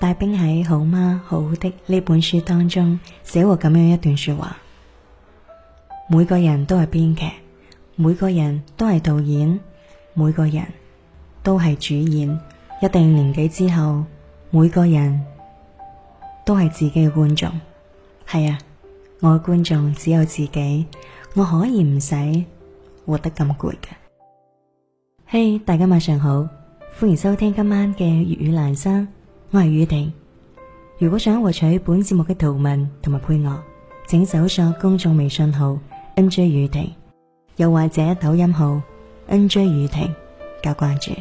大兵喺《好嗎好的》呢本書當中寫過咁樣一段說話：每個人都係編劇，每個人都係導演，每個人都係主演。一定年紀之後，每個人都係自己嘅觀眾。係啊，我嘅觀眾只有自己，我可以唔使活得咁攰嘅。嘿、hey，大家晚上好，歡迎收聽今晚嘅粵語欄生。我係雨婷，如果想獲取本節目嘅圖文同埋配樂，請搜索公眾微信號 nj 雨婷，又或者抖音號 nj 雨婷加關注。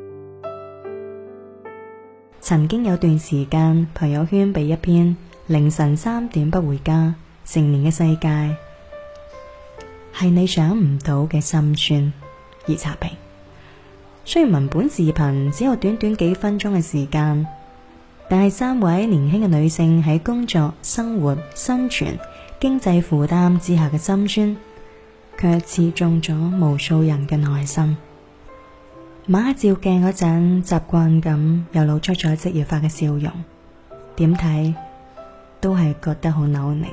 曾經有段時間，朋友圈被一篇凌晨三點不回家，成年嘅世界係你想唔到嘅心酸而刷屏。雖然文本視頻只有短短幾分鐘嘅時間，但係三位年輕嘅女性喺工作、生活、生存、經濟負擔之下嘅心酸，卻刺中咗無數人嘅內心。猛下照鏡嗰陣，習慣咁又露出咗職業化嘅笑容，點睇都係覺得好扭捏。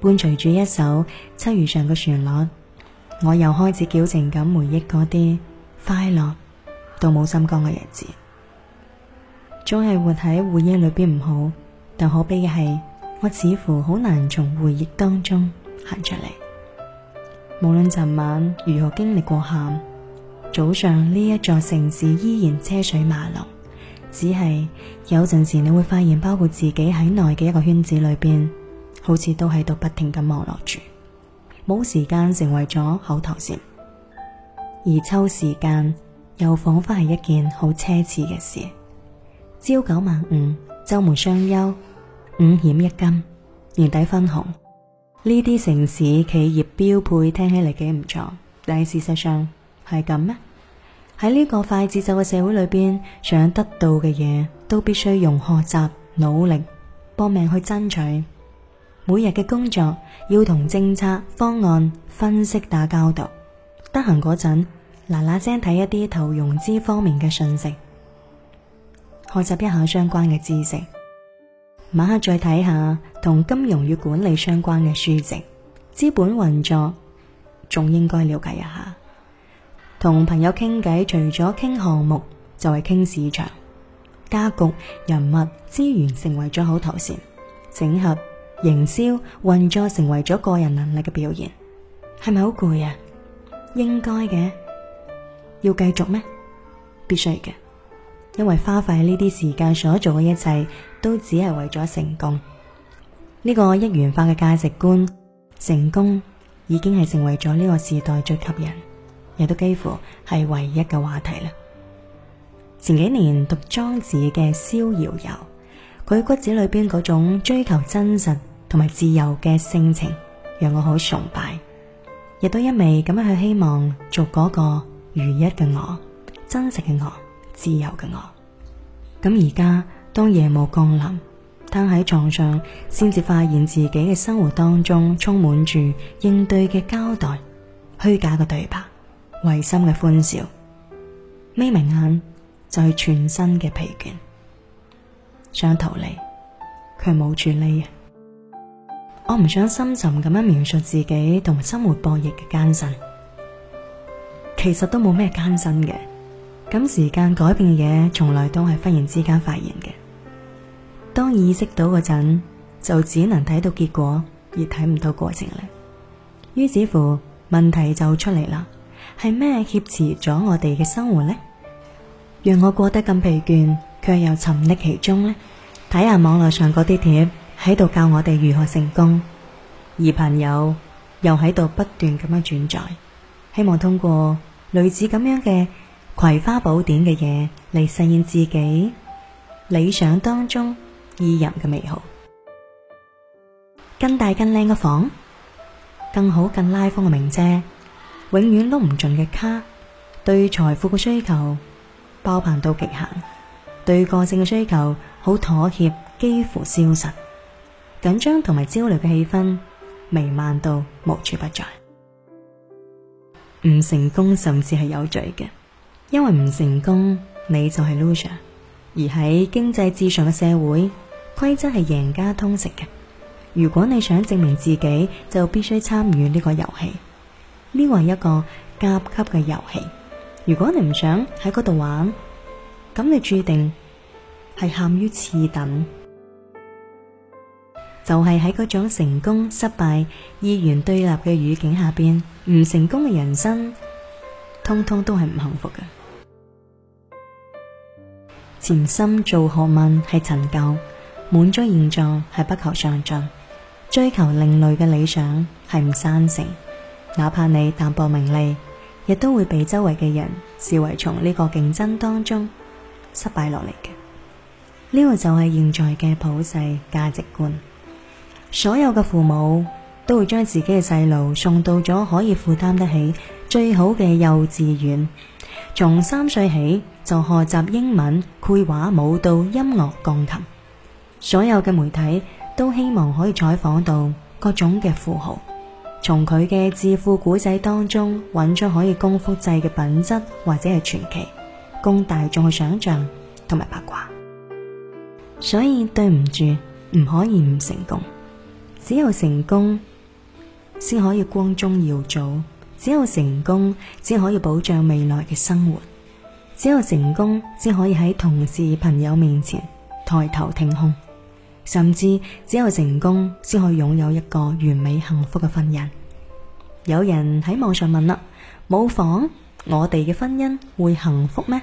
伴隨住一首七月上嘅旋律，我又開始矯情咁回憶嗰啲快樂。到冇心肝嘅日子，總係活喺回憶裏邊唔好。但可悲嘅係，我似乎好難從回憶當中行出嚟。無論尋晚如何經歷過喊，早上呢一座城市依然車水馬龍。只係有陣時你會發現，包括自己喺內嘅一個圈子裏邊，好似都喺度不停咁忙碌住，冇時間成為咗口頭禪，而抽時間。又仿彿係一件好奢侈嘅事，朝九晚五，周末雙休，五險一金，年底分紅，呢啲城市企業標配，聽起嚟幾唔錯，但係事實上係咁咩？喺呢個快節奏嘅社會裏邊，想得到嘅嘢都必須用學習、努力、搏命去爭取。每日嘅工作要同政策、方案、分析打交道，得閒嗰陣。嗱嗱聲睇一啲投融資方面嘅信息，學習一下相關嘅知識。晚黑再睇下同金融與管理相關嘅書籍，資本運作仲應該了解一下。同朋友傾偈，除咗傾項目，就係、是、傾市場、格局、人物、資源，成為咗口頭禪。整合營銷、營銷、運作，成為咗個人能力嘅表現。係咪好攰啊？應該嘅。要繼續咩？必須嘅，因為花費呢啲時間所做嘅一切，都只係為咗成功。呢個一元化嘅價值觀，成功已經係成為咗呢個時代最吸引，亦都幾乎係唯一嘅話題啦。前幾年讀莊子嘅《逍遙遊》，佢骨子裏邊嗰種追求真實同埋自由嘅性情，讓我好崇拜，亦都一味咁樣去希望做嗰個。如一嘅我，真實嘅我，自由嘅我。咁而家當夜幕降臨，攤喺床上，先至發現自己嘅生活當中充滿住應對嘅交代、虛假嘅對白、違心嘅歡笑。眯明眼就係全身嘅疲倦，想逃離，卻冇處匿。我唔想深沉咁樣描述自己同埋生活博弈嘅艱辛。其實都冇咩艱辛嘅，咁時間改變嘅嘢從來都係忽然之間發現嘅。當意識到嗰陣，就只能睇到結果，而睇唔到過程咧。於是乎，問題就出嚟啦，係咩挾持咗我哋嘅生活呢？讓我過得咁疲倦，卻又沉溺其中呢？睇下網絡上嗰啲帖，喺度教我哋如何成功，而朋友又喺度不斷咁樣轉載，希望通過。類似咁樣嘅《葵花寶典》嘅嘢嚟實現自己理想當中意淫嘅美好，更大更靚嘅房，更好更拉風嘅名車，永遠碌唔盡嘅卡，對財富嘅需求爆棚到極限，對個性嘅需求好妥協，幾乎消失，緊張同埋焦慮嘅氣氛彌漫到無處不在。唔成功甚至係有罪嘅，因為唔成功你就係 loser，而喺經濟至上嘅社會，規則係贏家通食嘅。如果你想證明自己，就必須參與呢個遊戲。呢個係一個甲級嘅遊戲。如果你唔想喺嗰度玩，咁你注定係陷於次等。就係喺嗰種成功失敗、二元對立嘅語境下邊，唔成功嘅人生，通通都係唔幸福嘅。潛心做學問係陳舊，滿足現狀係不求上進，追求另類嘅理想係唔贊成。哪怕你淡泊名利，亦都會被周圍嘅人視為從呢個競爭當中失敗落嚟嘅。呢個就係現在嘅普世價值觀。所有嘅父母都會將自己嘅細路送到咗可以負擔得起最好嘅幼稚園，從三歲起就學習英文、繪畫、舞蹈、音樂、鋼琴。所有嘅媒體都希望可以採訪到各種嘅富豪，從佢嘅致富古仔當中揾出可以供複製嘅品質或者係傳奇，供大眾去想象同埋八卦。所以對唔住，唔可以唔成功。只有成功，先可以光宗耀祖；只有成功，先可以保障未來嘅生活；只有成功，先可以喺同事朋友面前抬頭挺胸；甚至只有成功，先可以擁有一個完美幸福嘅婚姻。有人喺網上問啦：冇房，我哋嘅婚姻會幸福咩？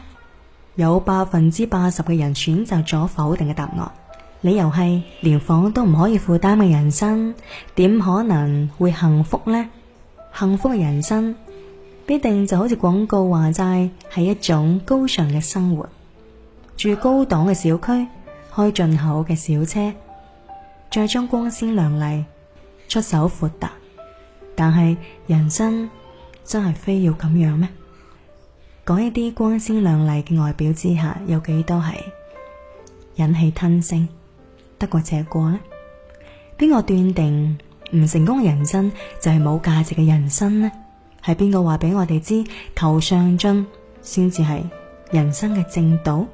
有百分之八十嘅人選擇咗否定嘅答案。理由係連房都唔可以負擔嘅人生，點可能會幸福呢？幸福嘅人生必定就好似廣告話齋，係一種高尚嘅生活，住高檔嘅小區，開進口嘅小車，再將光鮮亮麗、出手闊達，但係人生真係非要咁樣咩？講一啲光鮮亮麗嘅外表之下，有幾多係引起吞聲？得過且過呢，邊個斷定唔成功嘅人生就係冇價值嘅人生呢？係邊個話俾我哋知，求上進先至係人生嘅正道？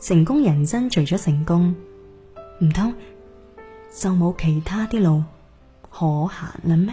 成功人生除咗成功，唔通就冇其他啲路可行啦咩？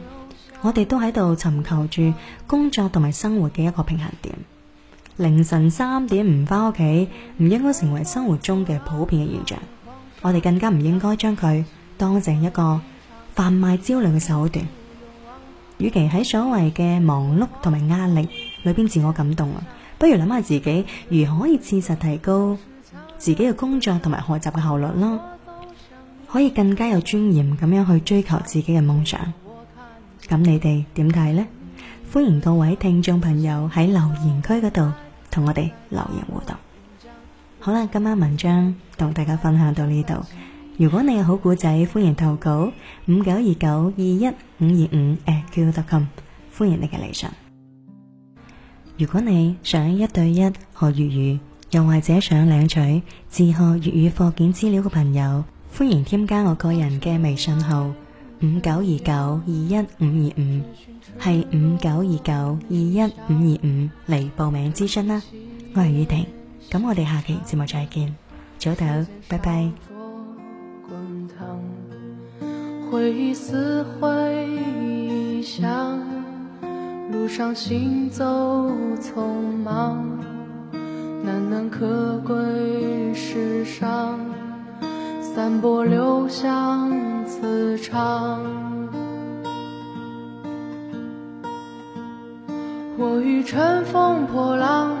我哋都喺度尋求住工作同埋生活嘅一個平衡點。凌晨三點唔翻屋企，唔應該成為生活中嘅普遍嘅現象。我哋更加唔應該將佢當成一個販賣焦慮嘅手段。與其喺所謂嘅忙碌同埋壓力裏邊自我感動，不如諗下自己，如何可以切實提高自己嘅工作同埋學習嘅效率咯，可以更加有尊嚴咁樣去追求自己嘅夢想。咁你哋點睇呢？歡迎各位聽眾朋友喺留言區嗰度同我哋留言互動。好啦，今晚文章同大家分享到呢度。如果你有好故仔，歡迎投稿五九二九二一五二五 @qq.com。A、com，歡迎你嘅嚟信。如果你想一對一學粵語，又或者想領取自學粵語課件資料嘅朋友，歡迎添加我個人嘅微信號。五九二九二一五二五，係五九二九二一五二五嚟報名咨詢啦，我係雨婷，咁我哋下期節目再見，早唞，拜拜。嗯嗯我欲乘風破浪。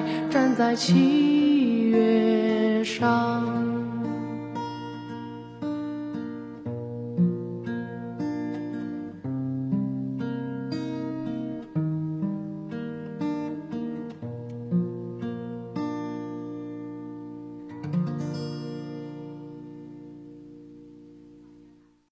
站在七月上。